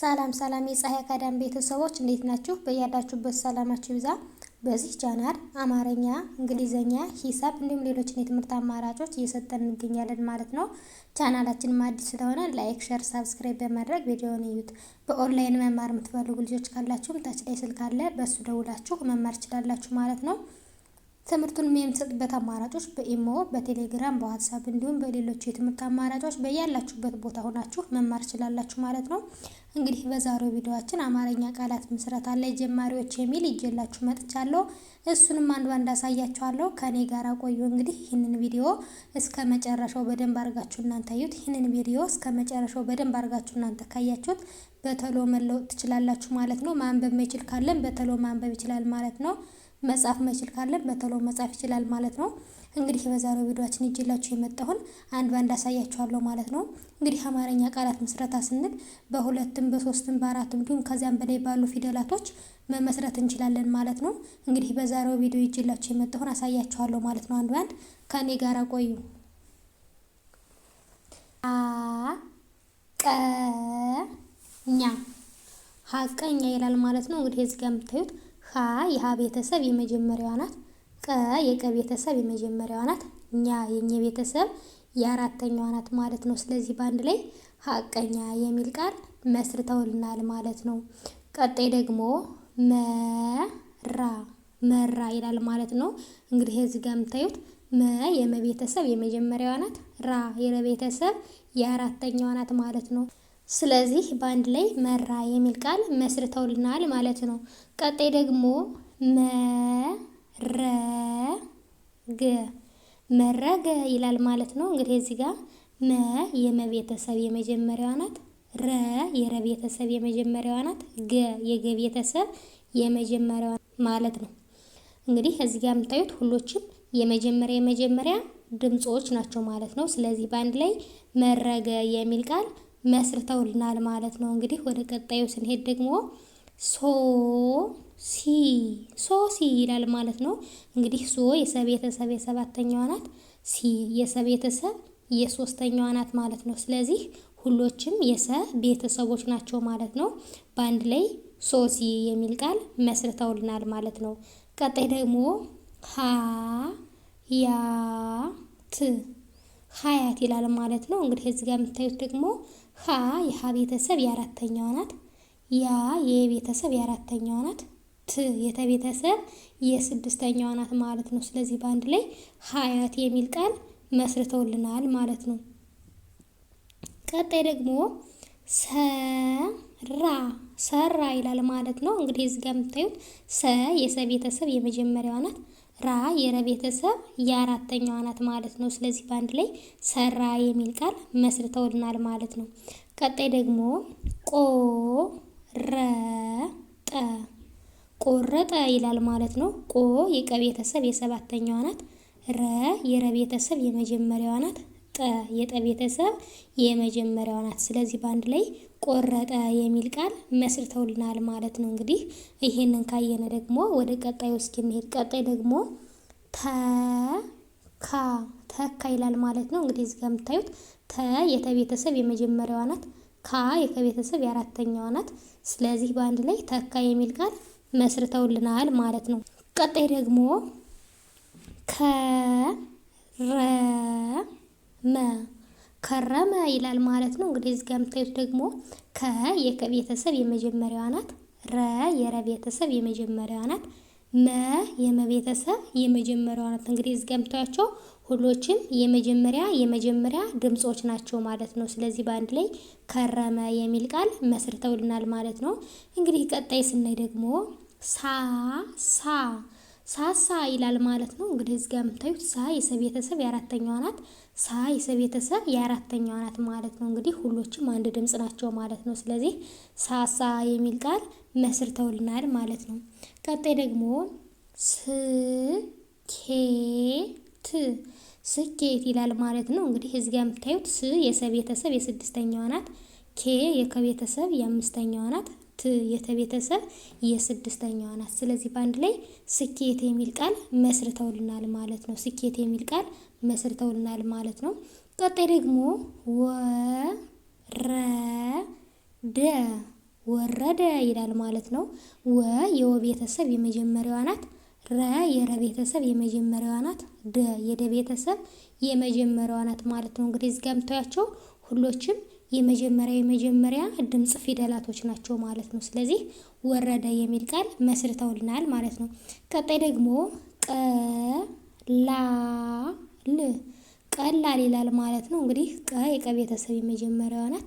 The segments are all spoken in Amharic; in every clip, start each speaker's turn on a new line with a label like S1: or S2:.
S1: ሰላም ሰላም የፀሐይ አካዳሚ ቤተሰቦች እንዴት ናችሁ? በያላችሁበት ሰላማችሁ ይብዛ። በዚህ ቻናል አማርኛ፣ እንግሊዘኛ፣ ሂሳብ እንዲሁም ሌሎችን የትምህርት አማራጮች እየሰጠን እንገኛለን ማለት ነው። ቻናላችን አዲስ ስለሆነ ላይክ፣ ሸር፣ ሳብስክራይብ በማድረግ ቪዲዮውን እዩት። በኦንላይን መማር የምትፈልጉ ልጆች ካላችሁም ታች ላይ ስልክ አለ፣ በእሱ ደውላችሁ መማር ትችላላችሁ ማለት ነው። ትምህርቱን የምንሰጥበት አማራጮች በኢሞ፣ በቴሌግራም፣ በዋትሳፕ እንዲሁም በሌሎች የትምህርት አማራጮች በያላችሁበት ቦታ ሆናችሁ መማር ትችላላችሁ ማለት ነው። እንግዲህ በዛሬው ቪዲዮአችን አማርኛ ቃላት ምስረታ ላይ ጀማሪዎች የሚል ይዤላችሁ መጥቻለሁ። እሱንም አንድ ባንድ አሳያችኋለሁ። ከኔ ጋር ቆዩ። እንግዲህ ይህንን ቪዲዮ እስከ መጨረሻው በደንብ አድርጋችሁ እናንተ ዩት ይህንን ቪዲዮ እስከ መጨረሻው በደንብ አድርጋችሁ እናንተ ካያችሁት በተሎ መለወጥ ትችላላችሁ ማለት ነው። ማንበብ መችል ካለን በተሎ ማንበብ ይችላል ማለት ነው። መጻፍ መችል ካለ በቶሎ መጻፍ ይችላል ማለት ነው። እንግዲህ በዛሬው ቪዲዮችን ይዤላችሁ የመጣሁን አንድ ባንድ አሳያችኋለሁ ማለት ነው። እንግዲህ አማርኛ ቃላት ምስረታ ስንል በሁለትም በሶስትም በአራትም እንዲሁም ከዚያም በላይ ባሉ ፊደላቶች መመስረት እንችላለን ማለት ነው። እንግዲህ በዛሬው ቪዲዮ ይዤላችሁ የመጣሁን አሳያችኋለሁ ማለት ነው። አንድ ባንድ ከእኔ ጋር ቆዩ። አ ቀ ኛ ሀቀኛ ይላል ማለት ነው። እንግዲህ እዚህ ጋር የምታዩት ሀ የሀ ቤተሰብ የመጀመሪያዋ ናት። ቀ የቀ ቤተሰብ የመጀመሪያዋ ናት። ኛ የኘ ቤተሰብ የአራተኛዋ ናት ማለት ነው። ስለዚህ በአንድ ላይ ሀቀኛ የሚል ቃል መስርተውልናል ማለት ነው። ቀጣይ ደግሞ መራ መራ ይላል ማለት ነው። እንግዲህ እዚህ ጋር የምታዩት መ የመቤተሰብ የመጀመሪያዋ ናት። ራ የረቤተሰብ የአራተኛዋ ናት ማለት ነው። ስለዚህ በአንድ ላይ መራ የሚል ቃል መስርተውልናል ማለት ነው። ቀጣይ ደግሞ መረገ መረገ ይላል ማለት ነው። እንግዲህ እዚህ ጋር መ የመቤተሰብ የመጀመሪያዋ ናት። ረ የረቤተሰብ የመጀመሪያዋ ናት። ገ የገቤተሰብ የመጀመሪያዋ ማለት ነው። እንግዲህ እዚህ ጋር የምታዩት ሁሎችም የመጀመሪያ የመጀመሪያ ድምፆች ናቸው ማለት ነው። ስለዚህ በአንድ ላይ መረገ የሚል ቃል መስርተውልናል ማለት ነው። እንግዲህ ወደ ቀጣዩ ስንሄድ ደግሞ ሶ ሲ ሶ ሲ ይላል ማለት ነው። እንግዲህ ሶ የሰ ቤተሰብ የሰባተኛዋ ናት። ሲ የሰቤተሰብ ቤተሰብ የሶስተኛዋ ናት ማለት ነው። ስለዚህ ሁሎችም የሰ ቤተሰቦች ናቸው ማለት ነው። በአንድ ላይ ሶሲ የሚል ቃል መስርተውልናል ማለት ነው። ቀጣይ ደግሞ ሀ ያ ት ሀያት ይላል ማለት ነው። እንግዲህ እዚህ ጋር የምታዩት ደግሞ ሀ የሀ ቤተሰብ የአራተኛዋ ናት። ያ የቤተሰብ የአራተኛዋ ናት። ት የተ ቤተሰብ የስድስተኛዋ ናት ማለት ነው። ስለዚህ በአንድ ላይ ሀያት የሚል ቃል መስርተውልናል ማለት ነው። ቀጣይ ደግሞ ሰራ ሰራ ይላል ማለት ነው። እንግዲህ እዚህ ጋር የምታዩት ሰ የሰ ቤተሰብ የመጀመሪያዋ ናት። ራ የረቤተሰብ የአራተኛዋ ናት ማለት ነው። ስለዚህ በአንድ ላይ ሰራ የሚል ቃል መስርተውልናል ማለት ነው። ቀጣይ ደግሞ ጠ ቆረጠ ይላል ማለት ነው። ቆ የቀ ቤተሰብ የሰባተኛዋ ናት። ረ የረቤተሰብ የመጀመሪያዋ ናት። ጠ የጠ ቤተሰብ የመጀመሪያዋ ናት። ስለዚህ በአንድ ላይ ቆረጠ የሚል ቃል መስርተውልናል ማለት ነው። እንግዲህ ይሄንን ካየነ ደግሞ ወደ ቀጣዩ እስኪ እንሄድ። ቀጣይ ደግሞ ተካ ተካ ይላል ማለት ነው። እንግዲህ እዚጋ የምታዩት ተ የተ ቤተሰብ የመጀመሪያዋ ናት። ካ የከ ቤተሰብ የአራተኛዋ ናት። ስለዚህ በአንድ ላይ ተካ የሚል ቃል መስርተውልናል ማለት ነው። ቀጣይ ደግሞ ከ መከረመ ይላል ማለት ነው። እንግዲህ እዚህ ጋር የምታዩት ደግሞ ከ የከቤተሰብ የመጀመሪያዋ ናት። ረ የረቤተሰብ የመጀመሪያዋ ናት። መ የመቤተሰብ የመጀመሪያዋ ናት። እንግዲህ እዚህ ጋር የምታያቸው ሁሎችም የመጀመሪያ የመጀመሪያ ድምጾች ናቸው ማለት ነው። ስለዚህ በአንድ ላይ ከረመ የሚል ቃል መስርተውልናል ማለት ነው። እንግዲህ ቀጣይ ስናይ ደግሞ ሳ ሳ ሳሳ ይላል ማለት ነው። እንግዲህ እዚህ ጋር የምታዩት ሳ የሰ ቤተሰብ የአራተኛዋ ናት። ሳ የሰ ቤተሰብ የአራተኛዋ ናት ማለት ነው። እንግዲህ ሁሎችም አንድ ድምፅ ናቸው ማለት ነው። ስለዚህ ሳሳ የሚል ቃል መስርተውልናል ማለት ነው። ቀጣይ ደግሞ ስኬት ስኬት ይላል ማለት ነው። እንግዲህ እዚህ ጋር የምታዩት ስ የሰ ቤተሰብ የስድስተኛዋ ናት። ኬ የከቤተሰብ ቤተሰብ የአምስተኛዋ ናት። የተቤተሰብ የስድስተኛዋ ናት። ስለዚህ በአንድ ላይ ስኬት የሚል ቃል መስርተውልናል ማለት ነው። ስኬት የሚል ቃል መስርተውልናል ማለት ነው። ቀጣይ ደግሞ ወረደ ወረደ ይላል ማለት ነው። ወ የወ ቤተሰብ የመጀመሪያዋ ናት። ረ የረ ቤተሰብ የመጀመሪያዋ ናት። ደ የደ ቤተሰብ የመጀመሪያዋ ናት ማለት ነው። እንግዲህ እዚህ ጋ የምታያቸው ሁሎችም የመጀመሪያ የመጀመሪያ ድምፅ ፊደላቶች ናቸው ማለት ነው። ስለዚህ ወረደ የሚል ቃል መስርተውልናል ማለት ነው። ቀጣይ ደግሞ ላል ቀላል ይላል ማለት ነው። እንግዲህ ቀ የቀ ቤተሰብ የመጀመሪያዋ ናት።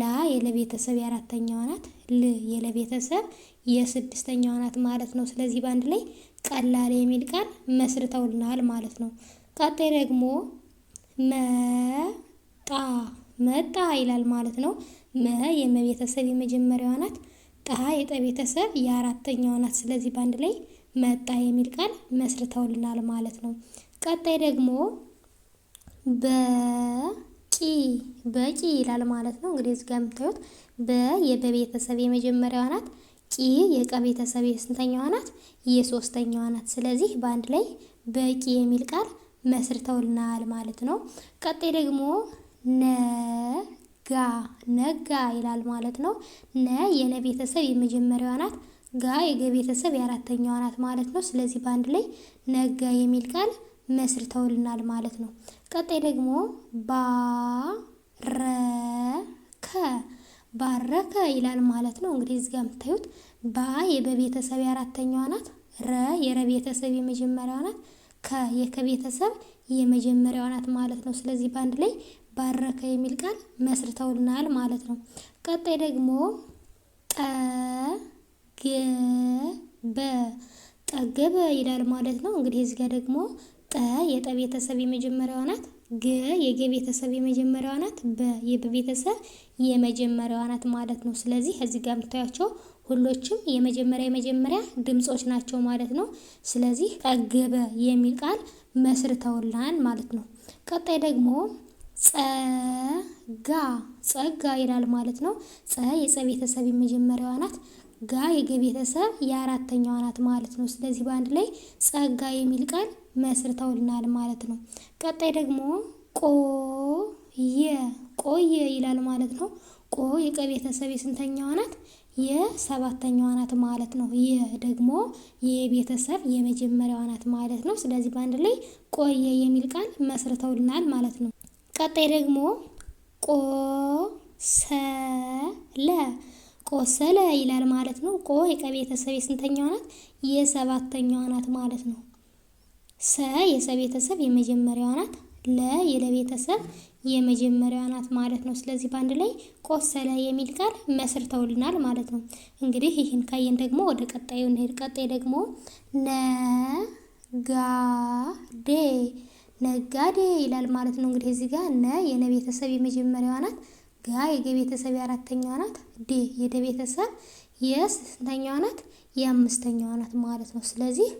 S1: ላ የለቤተሰብ የአራተኛ ናት። ል የለቤተሰብ የስድስተኛ ናት ማለት ነው። ስለዚህ በአንድ ላይ ቀላል የሚል ቃል መስርተውልናል ማለት ነው። ቀጣይ ደግሞ መጣ መጣ ይላል ማለት ነው። መ የመቤተሰብ የመጀመሪያዋ ናት። ጣ የጠቤተሰብ የአራተኛዋ ናት። ስለዚህ በአንድ ላይ መጣ የሚል ቃል መስርተውልናል ማለት ነው። ቀጣይ ደግሞ በ በቂ ይላል ማለት ነው። እንግዲህ እዚህ ጋር የምታዩት በ የበቤተሰብ የመጀመሪያዋ ናት። ቂ የቀ ቤተሰብ የስንተኛዋ ናት? የሶስተኛዋ ናት። ስለዚህ በአንድ ላይ በቂ የሚል ቃል መስርተውልናል ማለት ነው። ቀጣይ ደግሞ ነጋ ነጋ ይላል ማለት ነው። ነ የነ ቤተሰብ የመጀመሪያዋ ናት። ጋ የገ ቤተሰብ የአራተኛዋ ናት ማለት ነው። ስለዚህ በአንድ ላይ ነጋ የሚል ቃል መስርተውልናል ማለት ነው። ቀጣይ ደግሞ ባረከ ባረከ ይላል ማለት ነው። እንግዲህ እዚህ ጋር የምታዩት ባ የበቤተሰብ የአራተኛዋ ናት። ረ የረቤተሰብ የመጀመሪያዋ ናት። ከ የከቤተሰብ የመጀመሪያዋ ናት ማለት ነው። ስለዚህ በአንድ ላይ ባረከ የሚል ቃል መስርተውልናል ማለት ነው። ቀጣይ ደግሞ ጠገበ ጠገበ ይላል ማለት ነው። እንግዲህ እዚህ ጋር ደግሞ ጠ የጠ ቤተሰብ የመጀመሪያዋ ናት። ገ የገ ቤተሰብ የመጀመሪያዋ ናት። በ የበ ቤተሰብ የመጀመሪያዋ ናት ማለት ነው። ስለዚህ እዚህ ጋር የምታያቸው ሁሎችም የመጀመሪያ የመጀመሪያ ድምጾች ናቸው ማለት ነው። ስለዚህ ጠገበ የሚል ቃል መስርተውላን ማለት ነው። ቀጣይ ደግሞ ጸጋ ጸጋ ይላል ማለት ነው። ጸ የጸ ቤተሰብ የመጀመሪያዋ ናት። ጋ የገ ቤተሰብ የአራተኛዋ ናት ማለት ነው። ስለዚህ በአንድ ላይ ጸጋ የሚል ቃል መስርተውልናል ማለት ነው። ቀጣይ ደግሞ ቆየ ቆየ ይላል ማለት ነው። ቆ የቀ ቤተሰብ የስንተኛዋ ናት? የሰባተኛዋ ናት ማለት ነው። የ ደግሞ የቤተሰብ የመጀመሪያዋ ናት ማለት ነው። ስለዚህ በአንድ ላይ ቆየ የሚል ቃል መስርተውልናል ማለት ነው። ቀጣይ ደግሞ ቆሰለ ቆሰለ ይላል ማለት ነው። ቆ የቀ ቤተሰብ የስንተኛዋ ናት? የሰባተኛዋ ናት ማለት ነው። ሰ የሰ ቤተሰብ የመጀመሪያዋ ናት። ለ የለቤተሰብ የመጀመሪያዋ ናት ማለት ነው። ስለዚህ በአንድ ላይ ቆሰለ የሚል ቃል መስርተውልናል ማለት ነው። እንግዲህ ይህን ካየን ደግሞ ወደ ቀጣዩ እንሄድ። ቀጣይ ደግሞ ነጋዴ ነጋዴ ይላል ማለት ነው። እንግዲህ እዚህ ጋር ነ የነቤተሰብ የመጀመሪያዋ ናት። ጋ የገቤተሰብ የአራተኛዋ ናት። ዴ የደቤተሰብ የስንተኛዋ ናት? የአምስተኛዋ ናት ማለት ነው። ስለዚህ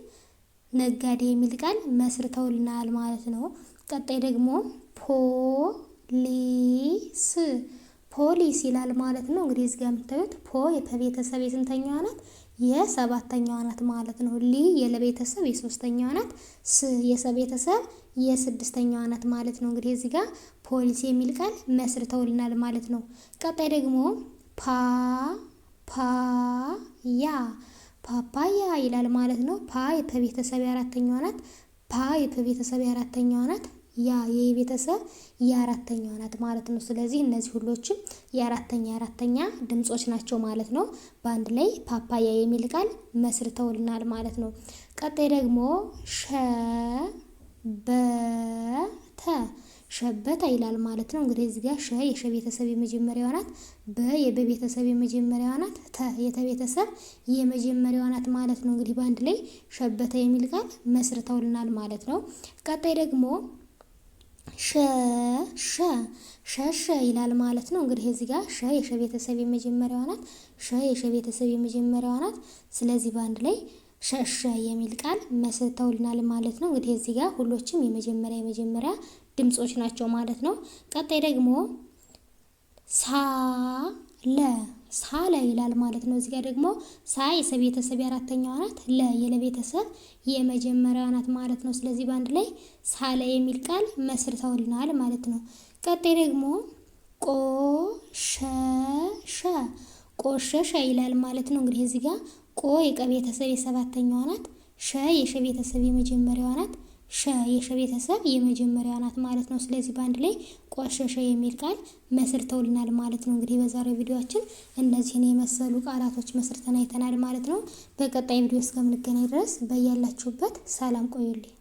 S1: ነጋዴ የሚል ቃል መስርተውልናል ማለት ነው። ቀጣይ ደግሞ ፖሊስ ፖሊስ ይላል ማለት ነው። እንግዲህ እዚህ ጋር የምታዩት ፖ ከቤተሰብ የስንተኛዋ ናት? የሰባተኛዋ ናት ማለት ነው። ሊ የለቤተሰብ የሶስተኛዋ ናት። ስ የሰቤተሰብ የስድስተኛዋ ናት ማለት ነው። እንግዲህ እዚህ ጋር ፖሊስ የሚል ቃል መስርተውልናል ማለት ነው። ቀጣይ ደግሞ ፓ ፓ ያ ፓፓያ ይላል ማለት ነው። ፓ የፐቤተሰብ የአራተኛዋ ናት። ፓ የፐቤተሰብ የአራተኛዋ ናት። ያ የቤተሰብ የአራተኛዋ ናት ማለት ነው። ስለዚህ እነዚህ ሁሎችም የአራተኛ አራተኛ ድምጾች ናቸው ማለት ነው። በአንድ ላይ ፓፓያ የሚል ቃል መስርተውልናል ማለት ነው። ቀጣይ ደግሞ ሸ በተ ሸበታ ይላል ማለት ነው። እንግዲህ እዚህ ጋር ሸ የሸ ቤተሰብ የመጀመሪያዋ ናት። በ የበቤተሰብ የመጀመሪያዋ ናት። ተ የተቤተሰብ የመጀመሪያዋ ናት ማለት ነው። እንግዲህ በአንድ ላይ ሸበተ የሚል ቃል መስርተውልናል ማለት ነው። ቀጣይ ደግሞ ሸ ሸ ሸሸ ይላል ማለት ነው። እንግዲህ እዚህ ጋር ሸ የሸ ቤተሰብ የመጀመሪያዋ ናት። ሸ የሸ ቤተሰብ የመጀመሪያዋ ናት። ስለዚህ በአንድ ላይ ሸሸ የሚል ቃል መስርተውልናል ማለት ነው። እንግዲህ እዚህ ጋር ሁሎችም የመጀመሪያ የመጀመሪያ ድምጾች ናቸው ማለት ነው። ቀጣይ ደግሞ ሳለ ሳለ ይላል ማለት ነው። እዚጋ ደግሞ ሳ የሰ ቤተሰብ የአራተኛዋ ናት፣ ለ የለ ቤተሰብ የመጀመሪያዋ ናት ማለት ነው። ስለዚህ በአንድ ላይ ሳለ የሚል ቃል መስርተውልናል ማለት ነው። ቀጣይ ደግሞ ቆሸሸ ቆሸሸ ይላል ማለት ነው። እንግዲህ እዚጋ ቆ የቀ ቤተሰብ የሰባተኛዋ ናት፣ ሸ የሸ ቤተሰብ የመጀመሪያዋ ናት። ሸ የሸ ቤተሰብ የመጀመሪያዋ ናት ማለት ነው። ስለዚህ በአንድ ላይ ቆሸሸ የሚል ቃል መስርተውልናል ማለት ነው። እንግዲህ በዛሬው ቪዲዮችን እነዚህን የመሰሉ ቃላቶች መስርተን አይተናል ማለት ነው። በቀጣይ ቪዲዮ እስከምንገናኝ ድረስ በያላችሁበት ሰላም ቆዩልኝ።